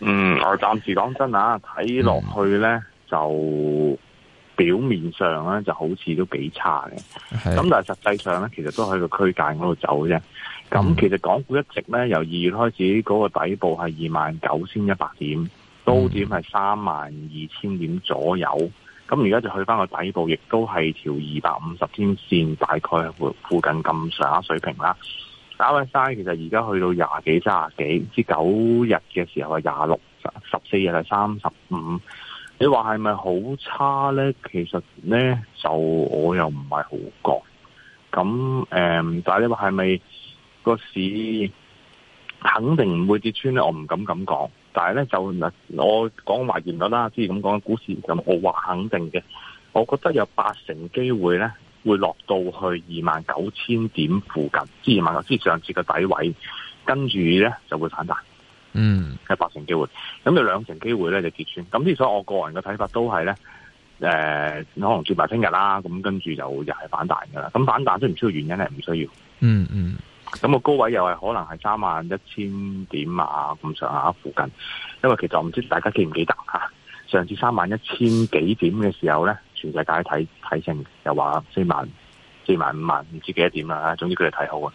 嗯，我暫時講真啊，睇落去咧就表面上咧就好似都幾差嘅，咁的、嗯、但係實際上咧其實都喺個區間嗰度走啫。咁其實港股一直咧由二月開始嗰個底部係二萬九千一百點，高點係三萬二千點左右。咁而家就去返個底部，亦都係條二百五十天線，大概附附近咁上下水平啦。打個底，其實而家去到廿幾、卅幾，至九日嘅時候係廿六、十四日係三十五。你話係咪好差咧？其實咧就我又唔係好覺。咁誒、嗯，但係你話係咪個市肯定唔會跌穿咧？我唔敢咁講。但係咧就我講話言咗啦，之前咁講，股市就我話肯定嘅，我覺得有八成機會咧。會落到去二萬九千點附近，即二萬九，即係上次嘅底位，跟住咧就會反彈，嗯，係八成機會，咁有兩成機會咧就結算。咁之所以我個人嘅睇法都係咧，誒、呃，可能接埋聽日啦，咁跟住就又係反彈噶啦。咁反彈都唔需要原因咧？係唔需要。嗯嗯。咁個高位又係可能係三萬一千點啊咁上下附近，因為其實我唔知大家記唔記得吓，上次三萬一千幾點嘅時候咧。全世界睇睇成又話四萬、四萬五萬，唔知幾多點啦。總之佢哋睇好啊。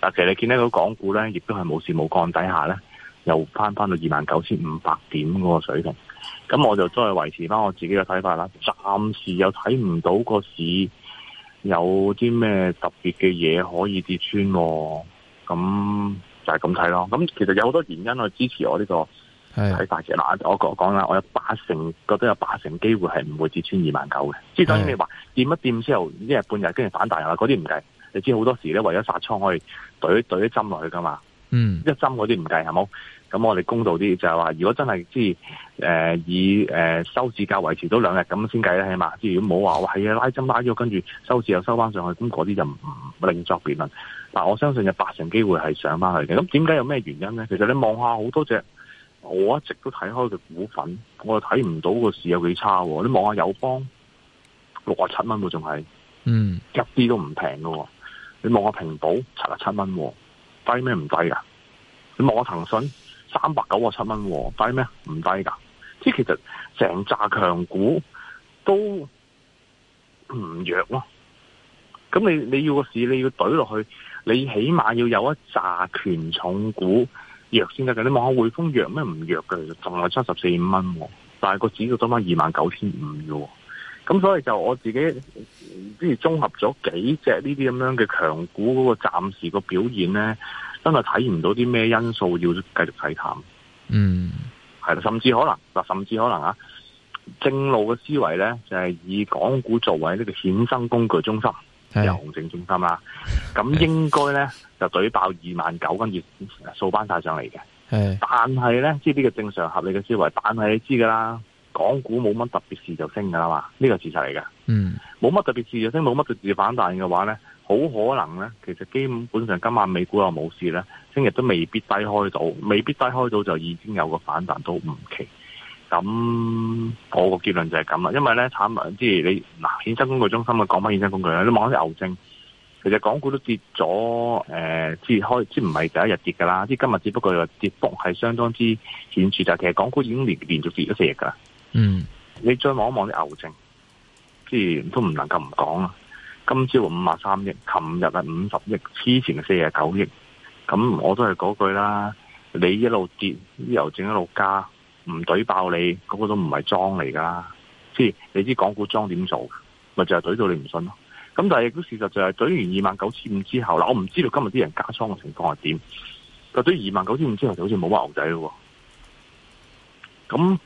但其實你見到港股咧，亦都係冇事冇幹底下咧，又翻翻到二萬九千五百點嗰個水平。咁我就再維持翻我自己嘅睇法啦。暫時又睇唔到個市有啲咩特別嘅嘢可以跌穿，咁就係咁睇咯。咁其實有好多原因去支持我呢個。係睇大隻嗱，我我講啦，我有八成覺得有八成機會係唔會跌穿二萬九嘅。即係當然你話掂一掂之後一日半日跟住反彈啦，嗰啲唔計。你知好多時咧，為咗殺倉，可以懟懟一針落去噶嘛。嗯，一針嗰啲唔計係冇。咁我哋公道啲就係話，如果真係即係誒以誒、呃、收市價維持到兩日咁先計咧，起碼即係如果冇話哇係啊拉針拉咗，跟住收市又收翻上去，咁嗰啲就唔另作別論。嗱，我相信有八成機會係上翻去嘅。咁點解有咩原因咧？其實你望下好多隻。我一直都睇開嘅股份，我又睇唔到個市有幾差喎。你望下友邦六啊七蚊，仲係嗯一啲都唔平喎。你望下平保七啊七蚊，低咩唔低噶？你望下騰訊三百九啊七蚊，低咩唔低噶？即係其實成紮強股都唔弱咯喎。咁你你要個市，你要懟落去，你起碼要有一紮權重股。弱先得嘅，你望下匯豐弱咩唔弱嘅，同埋七十四五蚊，但係個指數都翻二萬九千五嘅。咁所以就我自己即係綜合咗幾隻呢啲咁樣嘅強股嗰個暫時個表現咧，真係睇唔到啲咩因素要繼續睇淡。嗯，係啦，甚至可能嗱，甚至可能啊，正路嘅思維咧就係以港股作為呢個衍生工具中心。是由紅城中心啦，咁應該咧就懟爆二萬九，跟住數翻晒上嚟嘅。但係咧，即呢個正常合理嘅思維，但係你知噶啦，港股冇乜特別事就升噶啦嘛，呢、這個事實嚟嘅。嗯，冇乜特別事就升，冇乜特別反彈嘅話咧，好可能咧，其實基本上今晚美股又冇事咧，聽日都未必低開到，未必低開到就已經有個反彈都唔奇。咁我個結論就係咁啦，因為咧產即係你嗱衍生工具中心啊，講翻衍生工具啦，你望啲牛證，其實港股都跌咗誒，即、呃、係開即唔係第一日跌噶啦，即今日只不過跌幅係相當之顯著就係，其實港股已經連連續跌咗四日噶啦。嗯，你再望一望啲牛證，即係都唔能夠唔講啦。今朝五十三億，琴日係五十億，之前四廿九億，咁我都係嗰句啦。你一路跌，牛證一路加。唔懟爆你，嗰、那個都唔係莊嚟噶，即係你知港股莊點做，咪就係懟到你唔信咯。咁但係亦都事實就係懟完二萬九千五之後，嗱，我唔知道今日啲人加倉嘅情況係點，懟二萬九千五之後，就好似冇乜牛仔咯。咁、嗯、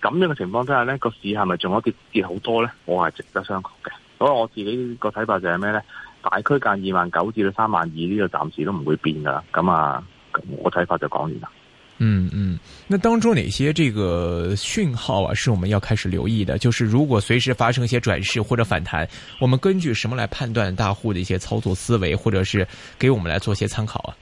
咁樣嘅情況之下呢，個市係咪仲有跌跌好多呢？我係值得商榷嘅。所以我自己個睇法就係咩呢？大區間二萬九至到三萬二呢個暫時都唔會變噶啦。咁、嗯、啊、嗯，我睇法就講完啦。.嗯嗯，那當中哪些這個訊號啊，是我們要開始留意的？就是如果隨時發生一些轉勢或者反彈，我們根據什麼來判斷大戶的一些操作思維，或者是給我們來做些參考啊？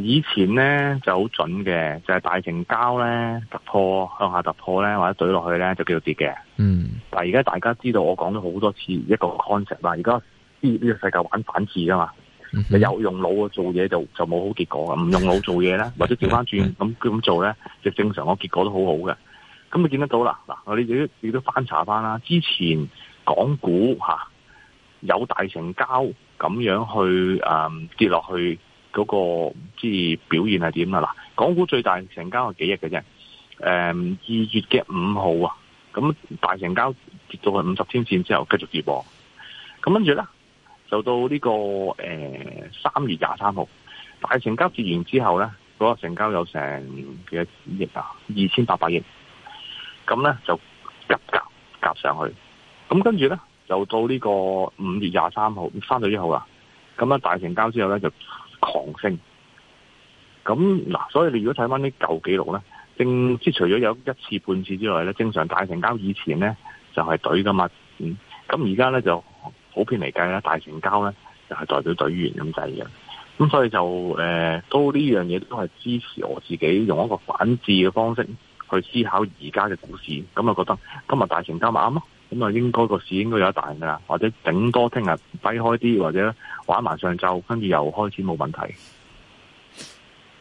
以前呢就好準嘅，就係、就是、大成交咧突破，向下突破咧，或者懟落去咧就叫做跌嘅。嗯，但係而家大家知道，我講咗好多次一個 concept 啦，而家呢個世界玩反智㗎嘛。嗯、有用腦做嘢，就就冇好結果，唔用腦做嘢咧，或者調翻轉咁咁做咧，就正常個結果都好好嘅。咁你見得到啦嗱，我哋你都翻查翻啦，之前港股吓、啊、有大成交咁樣去誒、嗯、跌落去嗰、那個即係、呃、表現係點啊嗱？港股最大成交係幾、嗯、2億嘅啫？誒二月嘅五號啊，咁大成交跌到係五十天線之後繼續跌喎，咁跟住咧。就到呢個誒三月廿三號大成交接完之後咧，嗰個成交有成幾多億啊？二千八百億咁咧就急夾夾上去，咁跟住咧就到呢個五月廿三號返到之後啦，咁咧大成交之後咧就狂升。咁嗱，所以你如果睇翻啲舊記錄咧，正即係除咗有一次半次之外咧，正常大成交以前咧就係隊噶嘛。嗯，咁而家咧就。普遍嚟計咧，大成交咧，就係、是、代表隊員咁滯嘅，咁所以就誒、呃，都呢樣嘢都係支持我自己用一個反智嘅方式去思考而家嘅股市，咁啊覺得今日大成交咪啱咯，咁啊應該個市應該有一彈噶啦，或者頂多聽日低開啲，或者玩埋上晝，跟住又開始冇問題。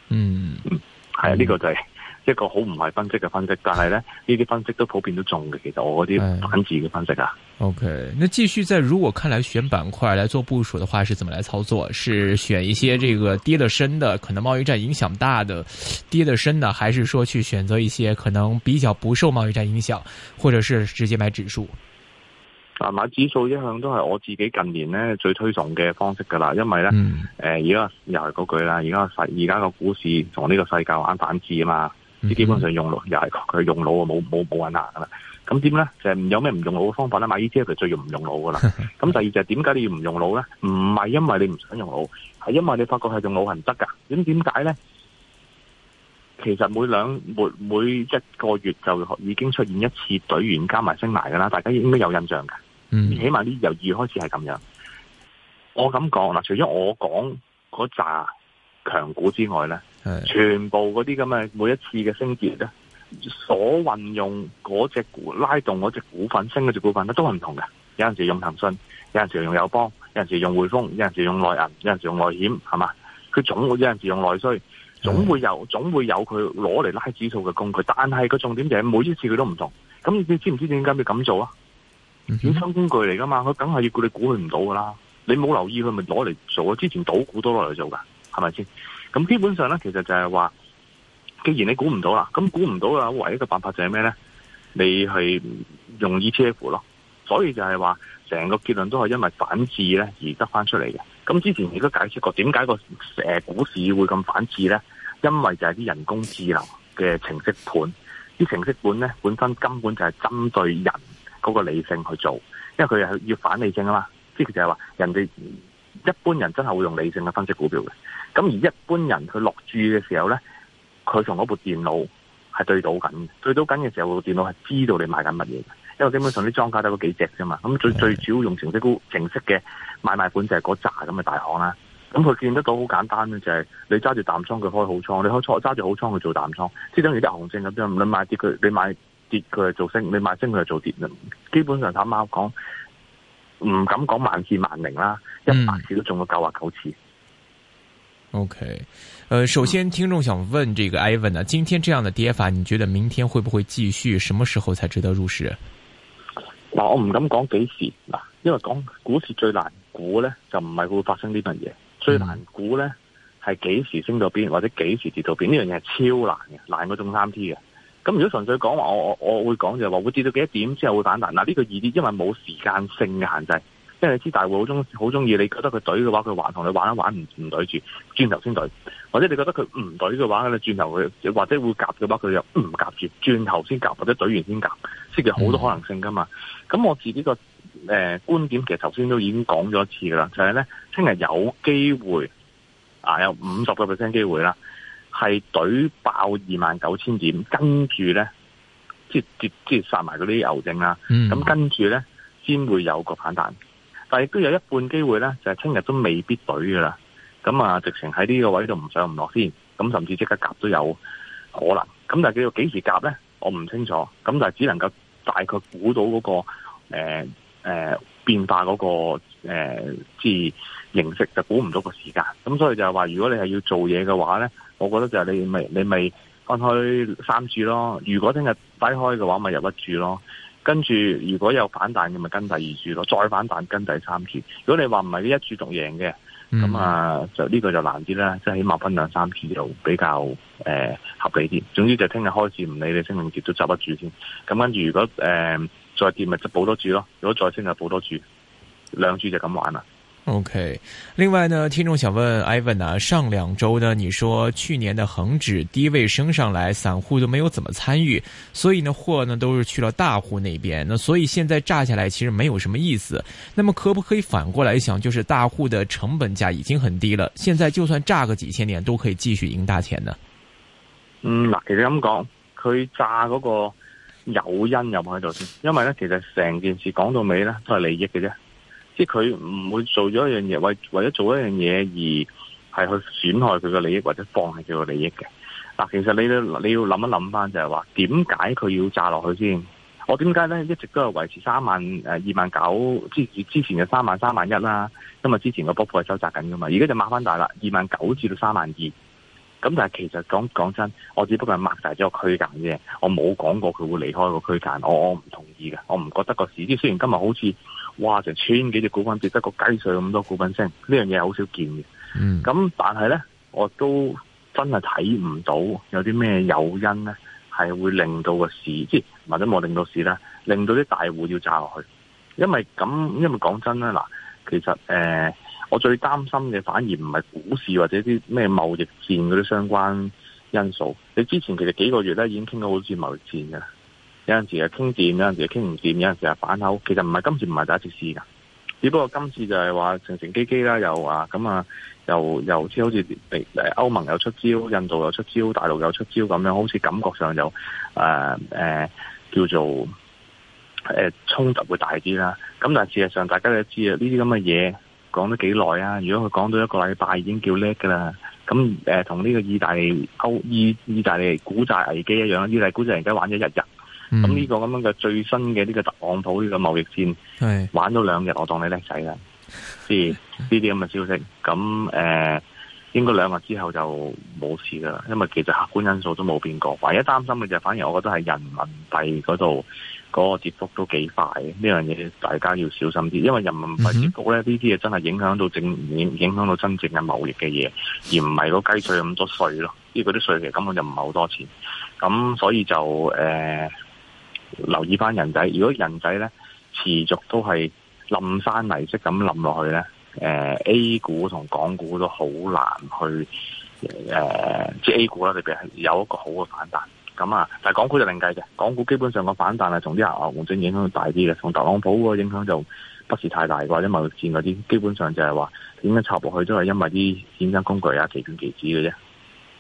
嗯嗯，係啊、嗯，呢、這個就係、是。一個好唔係分析嘅分析，但係咧呢啲分析都普遍都中嘅。其實我嗰啲反智嘅分析啊。哎、o、okay, K，那繼續在如果看來選板塊來做部署嘅話，是怎麼來操作？是選一些這個跌得深的，可能貿易戰影響大的跌得深的，還是說去選擇一些可能比較不受貿易戰影響，或者是直接買指數？啊，買指數一向都係我自己近年咧最推崇嘅方式噶啦，因為咧誒而家又係嗰句啦，而家世而家個股市從呢個世界玩反智啊嘛。你基本上用腦又係佢用腦啊，冇冇冇困難噶啦。咁點咧？就係唔有咩唔用腦嘅方法咧。買 E T F 最用唔用腦噶啦。咁第二就係點解你要唔用腦咧？唔係因為你唔想用腦，係因為你發覺係用腦係唔得噶。咁點解咧？其實每兩每每一個月就已經出現一次隊員加埋升埋噶啦，大家應該有印象嘅。嗯，起碼呢由二開始係咁樣。我咁講啦，除咗我講嗰紮強股之外咧。是全部嗰啲咁嘅每一次嘅升跌咧，所運用嗰隻股拉動嗰隻股份升嗰隻股份咧，都係唔同嘅。有陣時用騰訊，有陣時用友邦，有陣時用匯豐，有陣時用內銀，有陣時用內險，係嘛？佢總會有陣時用內需，總會有總會有佢攞嚟拉指數嘅工具。但係個重點就係每一次佢都唔同。咁你知唔知點解要咁做啊？衍生、嗯、哼工具嚟噶嘛，佢梗係要叫你估佢唔到噶啦。你冇留意佢咪攞嚟做？之前賭股都攞嚟做噶，係咪先？咁基本上咧，其實就係話，既然你估唔到啦，咁估唔到啦，唯一嘅辦法就係咩咧？你係用 ETF 咯。所以就係話，成個結論都係因為反智咧而得翻出嚟嘅。咁之前亦都解釋過，點解個誒股市會咁反智咧？因為就係啲人工智能嘅程式盤，啲程式盤咧本身根本就係針對人嗰個理性去做，因為佢係要反理性啊嘛。即係就係話，人哋。一般人真係會用理性嘅分析股票嘅，咁而一般人佢落注嘅時候咧，佢從嗰部電腦係對賭緊，對到緊嘅時候，部電腦係知道你買緊乜嘢嘅。因為基本上啲莊家得嗰幾隻啫嘛，咁最的最主要用程式股程式嘅買賣盤就係嗰扎咁嘅大行啦。咁佢見得到好簡單咧，就係、是、你揸住淡倉佢開好倉，你開倉揸住好倉佢做淡倉，即係等於啲行情咁樣，無論買跌佢，你買跌佢係做升，你買升佢係做跌，基本上坦白講。唔敢講萬事萬靈啦，一百次都中咗九啊九次。嗯、OK，誒、呃，首先聽眾想問這個 Ivan 啊、嗯，今天這樣的跌法，你覺得明天會不會繼續？什麼時候才值得入市？嗱，我唔敢講幾時嗱，因為講股市最難估呢就唔係會發生呢樣嘢，最難估呢係幾時升到邊、嗯、或者幾時跌到邊呢樣嘢係超難嘅，難過中三 T 嘅。咁如果純粹講話，我我我會講就話會跌到幾多點之後會反彈。嗱、這、呢個意點，因為冇時間性嘅限制，因為你知大會好中好中意。你覺得佢隊嘅話，佢玩同你玩一玩唔唔隊住，轉頭先隊；或者你覺得佢唔隊嘅話，你轉頭佢或者會夾嘅話，佢又唔夾住，轉頭先夾或者隊完先夾，即係好多可能性噶嘛。咁、嗯、我自己個誒觀點其實頭先都已經講咗一次噶啦，就係咧聽日有機會啊，有五十個 percent 機會啦。係懟爆二萬九千點，跟住咧，即係即殺埋嗰啲牛證啦。咁、嗯、跟住咧，先會有個反彈，但係亦都有一半機會咧，就係聽日都未必懟噶啦。咁啊，直情喺呢個位度唔上唔落先。咁甚至即刻夾都有可能。咁但係叫幾時夾咧？我唔清楚。咁但係只能夠大概估到嗰，那個誒誒，呃呃，變化嗰，那個誒，至、呃形式就估唔到個時間，咁所以就係話，如果你係要做嘢嘅話咧，我覺得就係你咪你咪分開三注咯。如果聽日低開嘅話，咪入一注咯。跟住如果有反彈嘅，咪跟第二注咯。再反彈跟第三注。如果你話唔係呢一注仲贏嘅咁、嗯、啊，就呢個就難啲啦。即係起碼分兩三次就比較誒、呃、合理啲。總之就聽日開始唔理你升定跌都執一注先。咁跟住如果誒、呃、再跌咪就補多注咯。如果再升就補多注，兩注就咁玩啦。OK，另外呢，聽眾想問 Ivan 啊，上兩周呢，你說去年的恒指低位升上來，散戶都沒有怎麼參與，所以呢，貨呢都是去了大戶那邊，那所以現在炸下來其實沒有什麼意思。那麼可不可以反過來想，就是大戶的成本價已經很低了，現在就算炸個幾千點都可以繼續贏大錢呢？嗯，嗱，其實咁講，佢炸嗰個誘因有冇喺度先？因為咧，其實成件事講到尾咧，都係利益嘅啫。啲佢唔會做咗一樣嘢，為為咗做一樣嘢而係去損害佢嘅利益，或者放棄佢嘅利益嘅。嗱，其實你你你要諗一諗翻，就係，就係話點解佢要炸落去先？我點解咧一直都係維持三萬誒二萬九之之前嘅三萬三萬一啦，因為之前個波幅係收窄緊噶嘛，而家就抹翻大啦，二萬九至到三萬二。咁但係其實講講真，我只不過係擘大咗個區間啫，我冇講過佢會離開個區間，我我唔同意嘅，我唔覺得個市，雖然今日好似。哇！成千幾隻股份跌得個雞碎咁多，股份升呢樣嘢好少見嘅。咁、嗯、但係咧，我都真係睇唔到有啲咩誘因咧，係會令到個市，即係或者冇令到市啦，令到啲大戶要炸落去。因為咁，因為講真啦，嗱，其實誒、呃，我最擔心嘅反而唔係股市或者啲咩貿易戰嗰啲相關因素。你之前其實幾個月咧已經傾到好多次貿易戰㗎喇。有陣時係傾掂，有陣時傾唔掂，有陣時係反口。其實唔係今次唔係第一次試噶，只不過今次就係話成成機機啦，又話咁啊，又又好似歐盟又出招，印度又出招，大陸又出招咁樣，好似感覺上就誒誒、呃呃、叫做誒衝、呃、突會大啲啦。咁但係事實上，大家都知啊，呢啲咁嘅嘢講咗幾耐啊。如果佢講到一個禮拜已經叫叻噶啦，咁誒，同、呃、呢個意大利歐意意大利股債危機一樣，意大利股債而家玩咗一日。咁呢、嗯、個咁樣嘅最新嘅呢個特朗普呢個貿易戰玩兩，玩咗兩日，我當你叻仔啦。即係呢啲咁嘅消息，咁誒、呃，應該兩日之後就冇事噶啦。因為其實客觀因素都冇變過，唯一擔心嘅就係反而我覺得係人民幣嗰度嗰個跌幅都幾快。呢樣嘢大家要小心啲，因為人民幣跌幅咧，呢啲嘢真係影響到正影影響到真正嘅貿易嘅嘢，而唔係個雞碎咁多稅咯。呢個啲稅其實根本就唔係好多錢，咁所以就誒。呃留意翻人仔，如果人仔咧持續都係冧山泥式咁冧落去咧、呃、A 股同港股都好難去、呃、即係 A 股啦裏邊係有一個好嘅反彈。咁啊，但係港股就另計嘅，港股基本上個反彈係同啲銀行股種影響大啲嘅，同特朗普個影響就不是太大啩，因為戰嗰啲基本上就係話點樣插落去都係因為啲衍生工具啊、期權、期指嘅啫。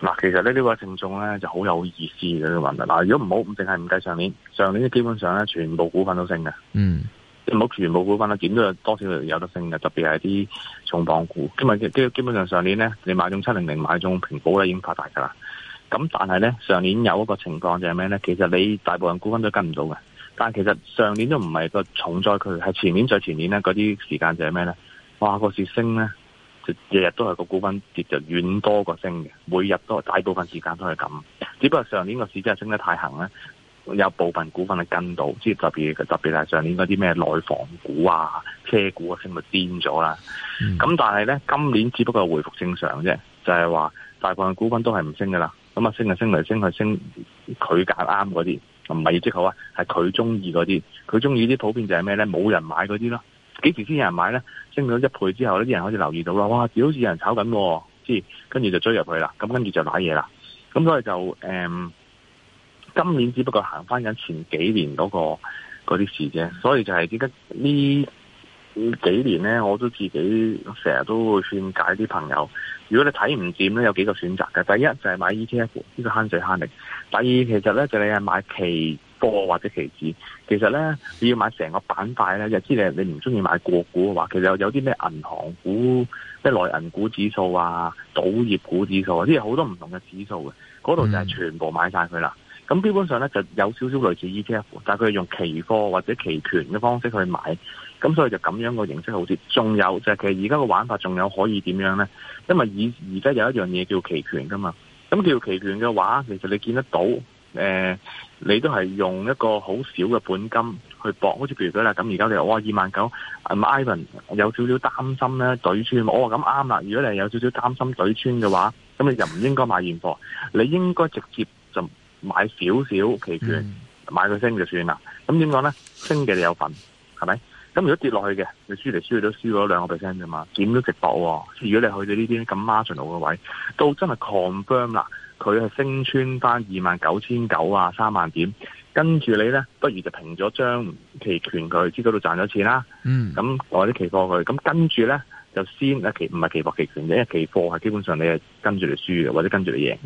嗱，其實呢位聽眾咧就好有意思嘅呢個問題。嗱，如果唔好，唔淨係唔計上年，上年基本上咧全部股份都升嘅。嗯，唔好全部股份啦，點都有多少都有得升嘅。特別係啲重磅股，今日基基本上上年咧，你買中七零零，買中蘋果咧已經發達㗎啦。咁但係咧上年有一個情況就係咩咧？其實你大部分股份都跟唔到嘅。但係其實上年都唔係個重災區，係前年再前年咧嗰啲時間就係咩咧？哇，個市升咧！日日都係個股份跌就遠多過升嘅，每日都係大部分時間都係咁。只不過上年個市真係升得太行咧，有部分股份係跟到，即係特別特別係上年嗰啲咩內房股啊、車股啊升到癲咗啦。咁、嗯、但係咧今年只不過回復正常啫，就係、是、話大部分股份都係唔升噶啦。咁啊升啊升嚟升去升，佢揀啱嗰啲唔係即好啊，係佢中意嗰啲，佢中意啲普遍就係咩咧？冇人買嗰啲咯。幾時先有人買呢？升到一倍之後，呢啲人開始留意到啦，哇！好似有人炒緊喎，跟住就追入去啦，咁跟住就買嘢啦。咁所以就誒、嗯，今年只不過行翻緊前幾年嗰、那個嗰啲事啫。所以就係記得呢幾年呢，我都自己成日都會勸解啲朋友，如果你睇唔掂呢，有幾個選擇嘅。第一就係買 ETF 呢個慳水慳力，第二其實呢，就你係買期貨或者期指，其實咧你要買成個板塊咧，就知你你唔中意買個股嘅話，其實有有啲咩銀行股、咩內銀股指數啊、賭業股指數啊，啲好多唔同嘅指數嘅，嗰度就係全部買晒佢啦。咁、嗯、基本上咧就有少少類似 ETF，但係佢用期貨或者期權嘅方式去買，咁所以就咁樣個形式好似。仲有就係、是、其實而家個玩法仲有可以點樣咧？因為而而家有一樣嘢叫期權㗎嘛。咁叫期權嘅話，其實你見得到。誒、呃，你都係用一個好少嘅本金去搏，好似譬如佢啦咁。而家你話二萬九，阿 Ivan 有少少擔心咧，懟穿。我話咁啱啦，如果你有少少擔心懟穿嘅話，咁你就唔應該買現貨，你應該直接就買少少期權，嗯、買佢升就算啦。咁點講咧？升嘅你有份，係咪？咁如果跌落去嘅，你輸嚟輸去都輸咗兩個 percent 啫嘛，點都值博喎、啊。如果你去到呢啲咁 marginal 嘅位，都真係 confirm 啦。佢係升穿翻二萬九千九啊三萬點，跟住你呢，不如就平咗張期權佢，知道到賺咗錢啦。嗯，咁或者期貨佢，咁跟住呢，就先一期唔係期貨期權嘅，因為期貨係基本上你係跟住嚟輸嘅，或者跟住嚟贏嘅。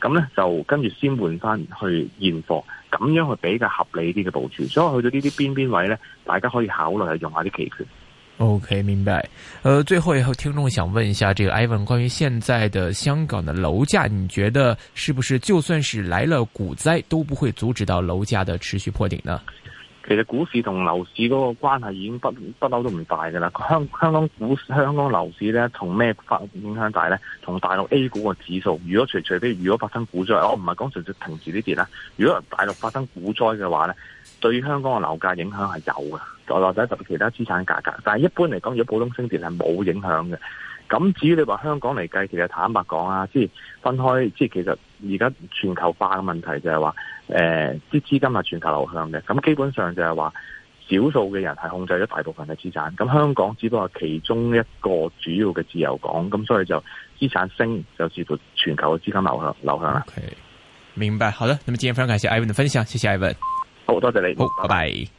咁呢就跟住先換翻去現貨，咁樣去比較合理啲嘅部署。所以我去到呢啲邊邊位呢，大家可以考慮係用下啲期權。OK，明白。呃，最後一個聽眾想問一下，這個 Ivan，關於現在的香港的樓價，你覺得是不是就算是來了股災，都不會阻止到樓價的持續破頂呢？其實股市同樓市嗰個關係已經不不嬲都唔大噶啦。香香港股市香港樓市咧，同咩發影響大咧？同大陸 A 股嘅指數。如果除除非如果發生股災，我唔係講直接停止呢啲啦。如果大陸發生股災嘅話咧。對於香港嘅樓價影響係有嘅，或者甚至其他資產價格。但係一般嚟講，如果普通升跌係冇影響嘅。咁至於你話香港嚟計，其實坦白講啊，即係分開，即係其實而家全球化嘅問題就係話，誒，啲資金係全球流向嘅。咁基本上就係話，少數嘅人係控制咗大部分嘅資產。咁香港只不過係其中一個主要嘅自由港，咁所以就資產升就視乎全球嘅資金流向流向啦。Okay, 明白。好的，那麼今日非常感謝 Ivan 的分享，謝謝 Ivan。好，多謝你，好，拜拜，拜拜。